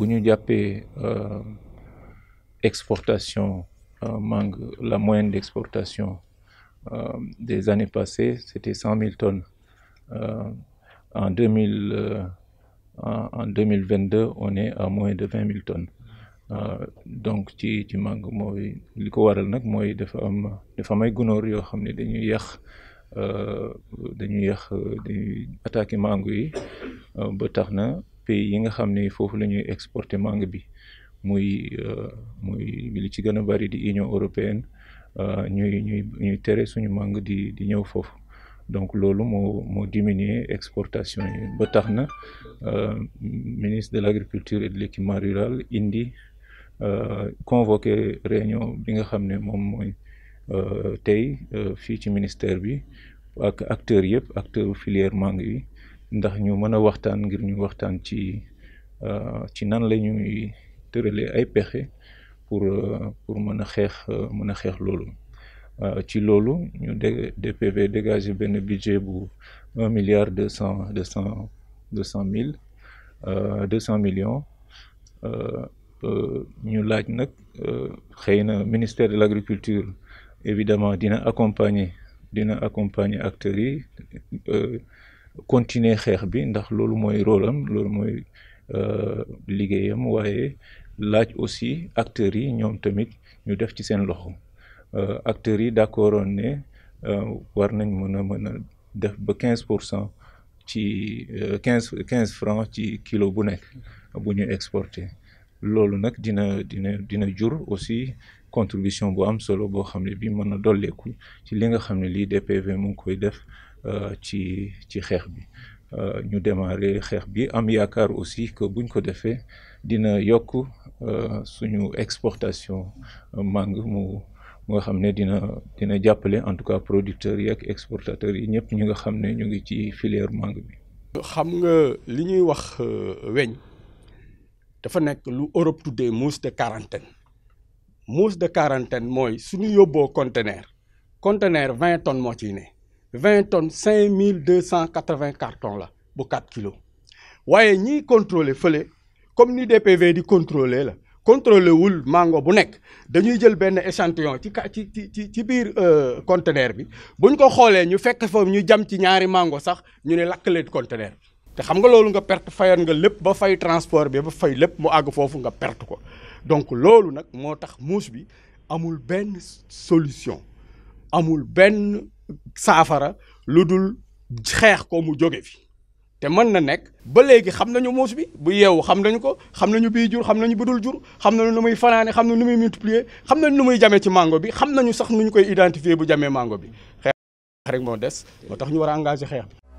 bunyu jappé euh, exportation euh, mangue la moyenne d'exportation euh, des années passées c'était 100 000 tonnes euh, en 2000 euh, en, en 2022 on est à moins de 20 000 tonnes euh, donc ci ci mangue moy liko waral nak moy dafa am dafa may gunor yo xamné dañuy yex euh dañuy yex euh, di attaquer mangue yi euh, ba tax yi nga xam ne foofu la ñuy exporter mangue bi muy euh, muy li ci gën a bari di Union européenne euh, ñuy ñuy ñuy tere suñu mangue di di ñëw foofu donc loolu moo moo diminuer exportation yi ba tax na euh, ministre de l'agriculture et de l'équipement rural indi convoqué réunion bi nga xam ne moom mooy tey fii ci ministère bi ak acteur yëpp acteurs filière mangue yi ndax ñu mën a waxtaan ngir ñu waxtaan ci euh, ci nan la ñuy tëralee ay pexe pour euh, pour mën a xeex euh, mën a xeex loolu ci loolu ñu DPV dégager benn budget bu un milliard deux cent deux cent deux cent mille deux cent millions ñu laaj nag xëy na ministère de l'agriculture évidemment dina accompagner dina accompagner acteurs yi continuer xex bi ndax lolu moy rôle am moy euh liggéeyam waaye laaj aussi acteur yi ñom tamit ñu def ci seen loxo euh, acteur yi d'accord woon ne euh, war nañ mëna mëna def ba 15% ci 15 euh, francs ci kilo bu nek bu ñu exporté loolu nag dina dina dina jur aussi contribution bu am solo bo xamné bi mëna a dolleeku ci li nga xamné li DPV mu koy def Euh, ci ci xeex bi euh, ñu démarrer xeex bi am yaakaar aussi bu buñ ko defee dina yokk euh, suñu exportation màng mu mu nga xam ne dina dina jàppale en tout cas producteurs yi ak exportateurs yi ñëpp ñu nga xam ne ñu ngi ci filière màng bi. xam nga li ñuy wax weñ dafa nekk lu Europe tuddee mousse de quarantaine mousse de quarantaine mooy suñu yóbboo conteneur conteneur vingt tonnes moo ciy ne. 20 tonnes, 5280 cartons là, pour 4 kilos. Vous ni contrôler, fele, comme ni DPV dit contrôler, là, contrôler le mango, vous n'êtes pas. Vous avez un échantillon, ti ti ti ti ti bir euh, conteneur. Si vous avez un échantillon, vous avez un échantillon, vous avez un échantillon, vous conteneur. Te xam nga lolou nga perte fayon nga lepp ba fay transport bi ba fay lepp mu ag fofu nga perte ko donc lolou nak motax mouche bi amul ben solution amul ben saafara lu dul xeex ko mu jóge fi te man na nekk ba léegi xam na nañu muus bi bu yeewu xam nañu ko xam nañu bii jur xam nañu bu dul jur xam nañu nu muy fanaane xam nañu nu muy multiplier xam nañu nu muy jamee ci mango bi xam nañu sax nu koy identifier bu jamee mango bi xeex rek moo des moo tax ñu war a engagé xeex